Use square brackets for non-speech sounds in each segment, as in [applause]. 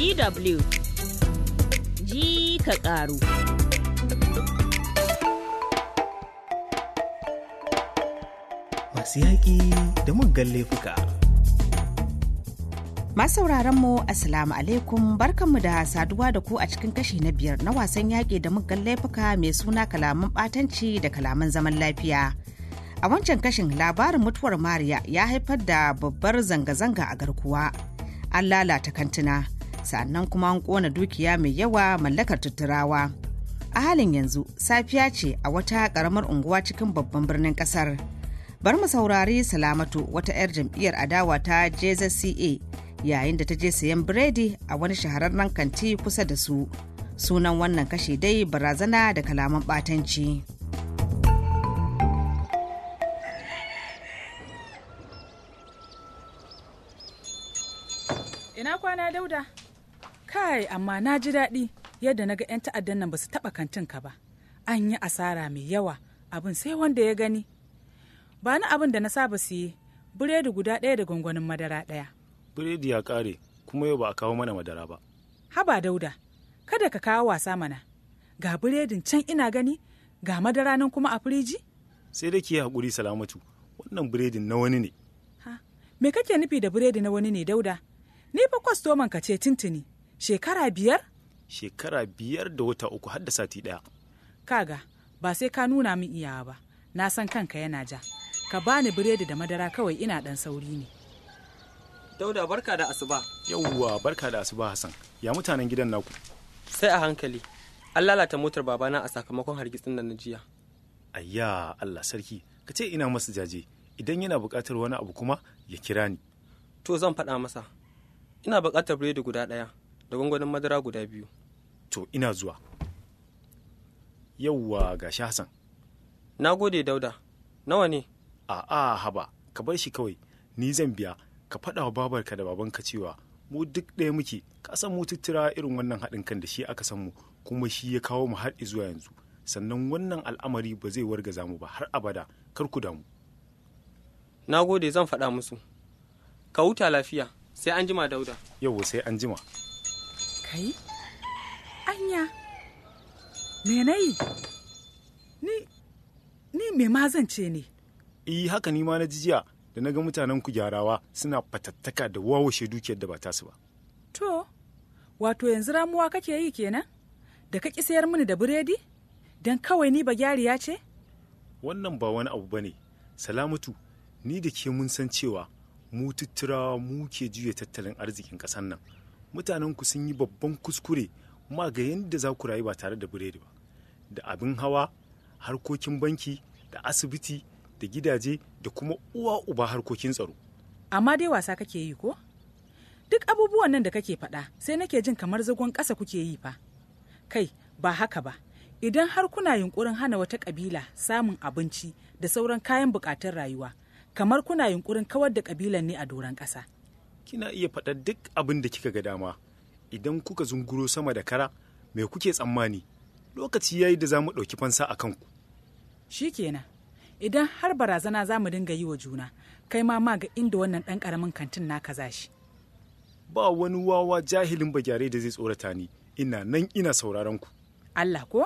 DW ji ka ƙaru. Masu yaƙi da muggan laifuka. Masu mu Assalamu alaikum barkanmu da saduwa da ku a cikin kashi na biyar na wasan yaƙi da muggan laifuka mai suna kalaman ɓatanci da kalaman zaman lafiya. A wancan kashin labarin mutuwar Mariya ya haifar da babbar zanga-zanga a garkuwa. An lalata kantuna. sannan kuma an kona dukiya mai yawa mallakar tutturawa a halin yanzu safiya ce a wata karamar unguwa cikin babban birnin kasar bar mu saurari salamatu wata 'yar jam'iyyar adawa ta jzca yayin da ta je sayan biredi a wani shahararren kanti kusa da su sunan wannan kashe dai barazana da kalaman batanci. Ina kwana dauda? kai amma na ji daɗi yadda na ga 'yan ta'addan nan ba su taɓa kantin ka ba an yi asara mai yawa abin sai wanda ya gani ba na abin da na saba su yi biredi guda ɗaya da gwangwanin madara ɗaya biredi ya ƙare kuma yau ba a kawo mana madara ba haba dauda kada ka kawo wasa mana ga biredin can ina gani ga madara nan kuma a firiji sai da ke haƙuri salamatu wannan buredin na wani ne me kake nufi da biredi na wani ne dauda ni fa kwastoman ka ce tintini Shekara biyar? Shekara biyar da wata uku har da sati ɗaya. Kaga, ba sai ka nuna min iyawa ba, na san kanka yana ja. Ka bani biredi da madara kawai ina ɗan sauri ne. Dauda barka da asuba. Yawwa barka da asuba Hassan. Ya mutanen gidan naku. Sai a hankali. An lalata motar babana a sakamakon hargitsin da na jiya. Ayya Allah sarki, ka ce ina masa jaje. Idan yana buƙatar wani abu kuma ya kira ni. To zan faɗa masa. Ina buƙatar biredi guda ɗaya. da gwangwanin madara guda biyu to ina zuwa yauwa ga shi hassan na gode dauda nawa ne a'a haba ka bar shi kawai ni zan biya ka faɗa wa babarka da babanka cewa mu duk ɗaya muke ka san mu tuttura irin wannan haɗin kan da shi aka san mu kuma shi ya kawo mu har zuwa yanzu sannan wannan al'amari ba zai wargaza mu ba har abada kar ku damu na gode zan faɗa musu ka huta lafiya sai an jima dauda yau sai an jima Kai? Anya? Me na yi? Ni, ni me ma zan ne? Eh haka ni ma na jiya. da na ga mutanen ku gyarawa suna fatattaka da wawashe dukiyar da ba ta su ba. To, wato yanzu ramuwa kake yi kenan? Da ka ƙi sayar mini da biredi? Don kawai ni ba gyariya ce? Wannan ba wani abu ba ne, Salamatu, ni da ke mun san cewa mu tutturawa mu ke juya tattalin arzikin ƙasar nan. mutanenku sun yi babban kuskure ma ga yadda za ku rayu ba tare da biredi ba da abin hawa harkokin banki da asibiti da gidaje da kuma uwa uba harkokin tsaro amma dai wasa kake yi ko duk abubuwan nan da kake faɗa sai nake jin kamar zagon ƙasa kuke yi fa kai ba haka ba idan har kuna yunkurin hana wata ƙabila samun abinci da sauran kayan buƙatun rayuwa kamar kuna yunkurin kawar da ƙabilan ne a doron ƙasa kina iya faɗa duk abin da kika ga dama idan kuka zunguro sama da kara me kuke tsammani lokaci yayi da za mu ɗauki fansa a kanku kenan, idan har barazana za mu dinga yi wa juna kai ma ma ga inda wannan ɗan ƙaramin kantin naka zashi shi ba wani wawa jahilin bagyare da zai tsorata ni ina nan ina sauraron ku Allah ko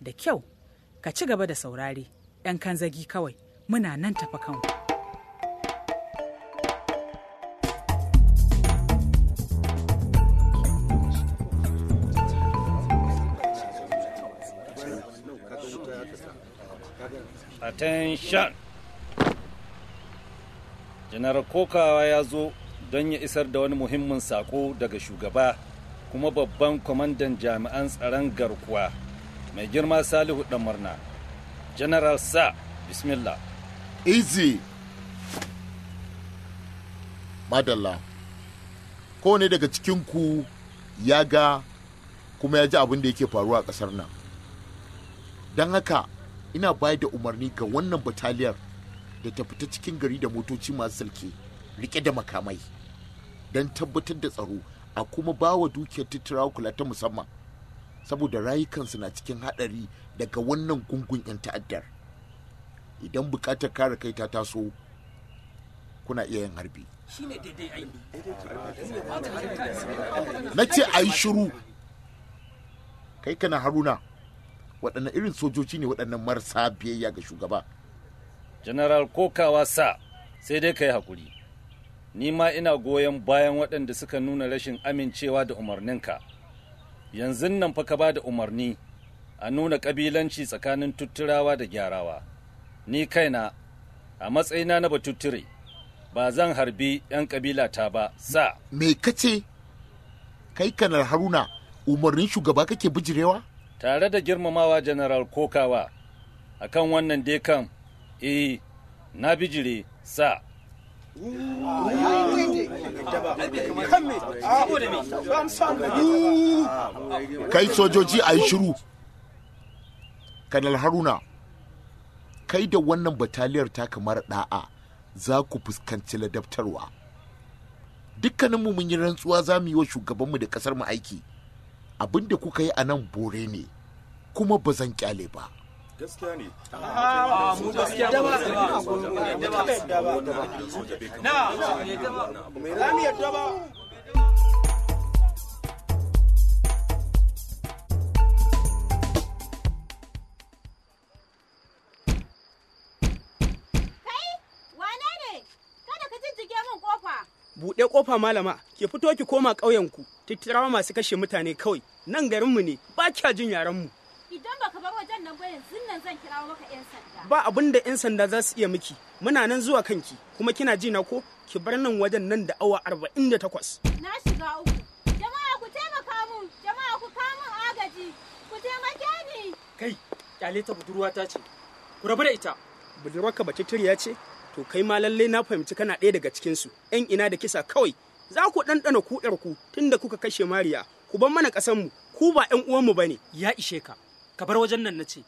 da kyau ka ci gaba da saurare 'yan kanzagi kawai muna nan tafa kanku Attention! Janar kokawa ya zo don ya isar da wani muhimmin sako daga shugaba kuma babban kwamandan jami'an tsaron garkuwa mai girma Salihu Damarna. General Sa, Bismillah. Easy! Madalla, kowane daga cikinku ya ga kuma ya ji abin da yake faruwa a ƙasar nan. Don haka, ina bayar da umarni ga wannan bataliyar da ta fita cikin gari da motoci masu sarki rike da makamai don tabbatar da tsaro a kuma ba wa dukiyar tattara kula ta musamman saboda rayukansu na cikin haɗari daga wannan gungun 'yan ta'addar idan buƙatar kare kai ta taso kuna iya yin harbi na ce a yi shiru kai kana haruna waɗannan irin sojoji ne waɗannan marasa biyayya ga shugaba general kokawa sa sai dai ka yi haƙuri ni ma ina goyon bayan waɗanda suka nuna rashin amincewa da umarninka yanzu nan fa ka ba da umarni a nuna ƙabilanci tsakanin tutturawa da gyarawa ni kaina a matsayina na batutture ba zan harbi 'yan ƙabila ta ba sa me kace kai kanar haruna umarnin shugaba kake bijirewa tare da girmamawa general kokawa akan wannan dai kan eh na bijire sa kai sojoji a yi shiru kanal haruna kai da wannan bataliyar ta kamar da'a za ku fuskanci ladabtarwa dukkaninmu mun yi rantsuwa za mu yi wa shugabanmu da mu aiki abin da kuka yi a nan bore ne kuma ba zan kyale ba gaskiya ne kofa malama ki fito ki koma ƙauyenku tattarawa masu kashe mutane kawai nan garinmu ne ba kya jin yarenmu. Idan baka bar wajen nan ba yanzu nan zan kirawo maka 'yan sanda. Ba abin da 'yan sanda za su iya miki muna nan zuwa kanki kuma kina ji na ko ki bar nan wajen nan da awa arba'in da takwas. Na shiga uku. Jama'a ku taimaka mun jama'a ku kawo mun agaji ku taimake ni. Kai kyale ta budurwata ce ku rabu da ita. Budurwarka ba ce? to kai ma lalle na fahimci kana ɗaya daga cikin su yan ina da kisa kawai za ku ɗanɗana kuɗar ku tunda kuka kashe mariya ku bar mana ƙasan mu ku ba yan uwanmu bane ya ishe ka ka bar wajen nan na ce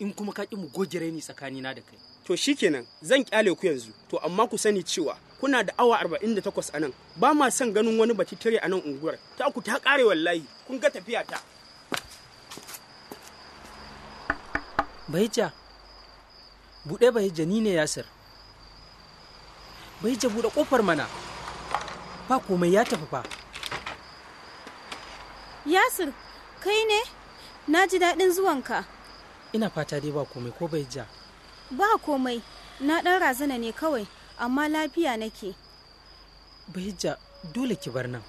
in kuma ka ƙi mu goge raini tsakanina da kai to shikenan zan kyale ku yanzu to amma ku sani cewa kuna da awa 48 a nan ba ma son ganin wani tare a nan unguwar ta ku ta kare wallahi kun ga tafiya ta buɗe bahijja ni ne yasir bai ja buɗe ƙofar mana ba komai ya tafi fa yasir kai ne na ji daɗin zuwanka ina fata dai ba komai ko bai ja ba komai na ɗan razana ne kawai amma lafiya nake bai ja dole ki bar nan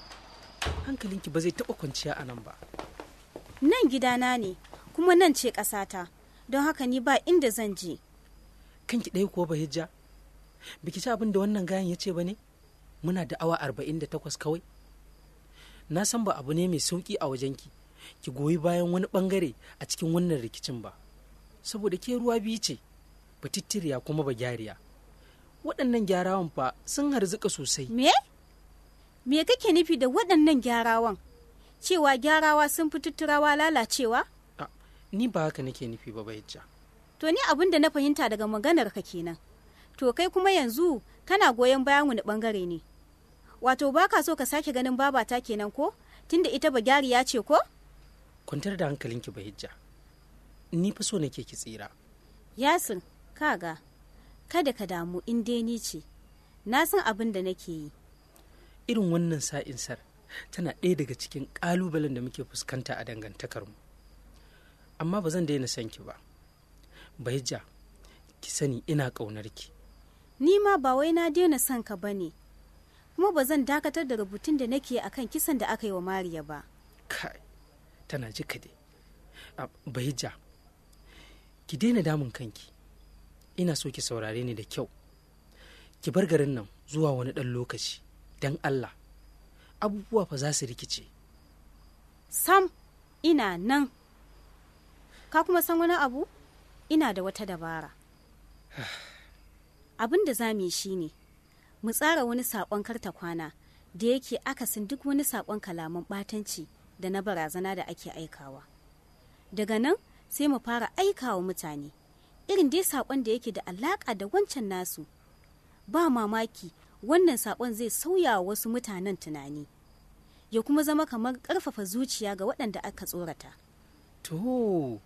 hankalinki ba zai taɓa kwanciya a nan ba nan gidana ne kuma nan ce ƙasata don haka ni ba inda zan je kanki ɗaya ko ja biki ci abin da wannan gayan ya ce ba ne muna da awa arba'in da takwas kawai na san ba abu ne mai sauki a wajen ki goyi bayan wani bangare a cikin wannan rikicin ba saboda ke ruwa biyu ce ba tittiriya kuma ba gyariya waɗannan gyarawan fa sun harzuka sosai me me kake nufi da waɗannan gyarawan cewa gyarawa sun fi tutturawa lalacewa ni ba haka nake nufi ba bai to ni abin da na fahimta daga maganar ka kenan to kai kuma yanzu kana goyon bayan wani bangare ne wato ba ka so ka sake ganin babata kenan ko tunda ita ba ya ce ko kwantar da hankalinki bahijja ni fa so nake ki tsira yasin kaga kada ka damu in dai ni ce na san abin da nake yi irin wannan sa'in sar tana ɗaya daga cikin ƙalubalen da muke fuskanta a dangantakarmu amma ba zan daina sanki ba bahijja ki sani ina ƙaunarki ni ma ba wai na daina son ka ba ne kuma ba zan dakatar da rubutun da nake a kan kisan da aka yi wa mariya ba kai tana ka dai ah, bahija ki daina damun kanki ina so ki saurare ni da kyau ki bar garin nan zuwa wani ɗan lokaci don allah abubuwa fa za su rikice sam ina nan ka kuma san wani abu ina da wata dabara [sighs] ah. abin da za mu yi shine mu tsara wani saƙon karta kwana da yake akasin duk wani saƙon kalaman batanci da na barazana da ake aikawa daga nan sai mu fara aikawa mutane irin dai saƙon da yake da alaƙa da wancan nasu ba mamaki wannan saƙon zai sauya wasu mutanen tunani ya kuma zama kamar ƙarfafa zuciya ga waɗanda aka tsorata to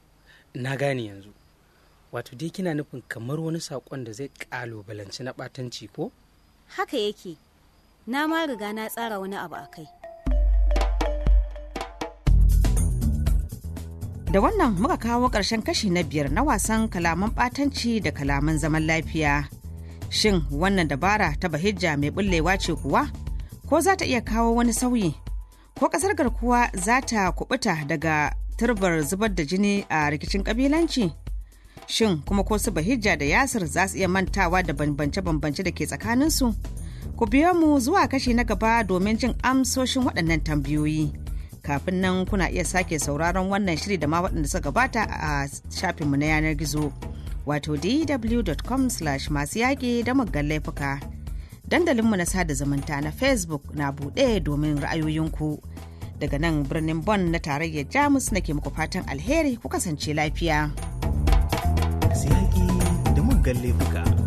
na gane yanzu wato dai kina nufin kamar wani saƙon da zai ƙalubalanci na ɓatanci ko haka yake na ma riga na tsara wani abu a kai da wannan muka kawo ƙarshen kashi na biyar na wasan kalaman ɓatanci da kalaman zaman lafiya shin wannan dabara ta bahijja mai bullewa ce kuwa ko za ta iya kawo wani sauyi ko ƙasar garkuwa za ta kubuta daga turbar zubar da jini a rikicin ƙabilanci Shin kuma ko su Bahijja da Yasir za su iya mantawa da bambance-bambance da ke tsakaninsu? Ku biyo mu zuwa kashi na gaba domin jin amsoshin waɗannan tambayoyi. Kafin nan kuna iya sake sauraron wannan shiri da ma waɗanda suka gabata a shafinmu na yanar gizo. Wato dw.com masu yaƙi da muggan laifuka. Dandalinmu na sada zumunta na Facebook na buɗe domin ra'ayoyinku. Daga nan birnin Bon na tarayyar Jamus nake muku fatan alheri ku kasance lafiya. masu da muggan laifuka.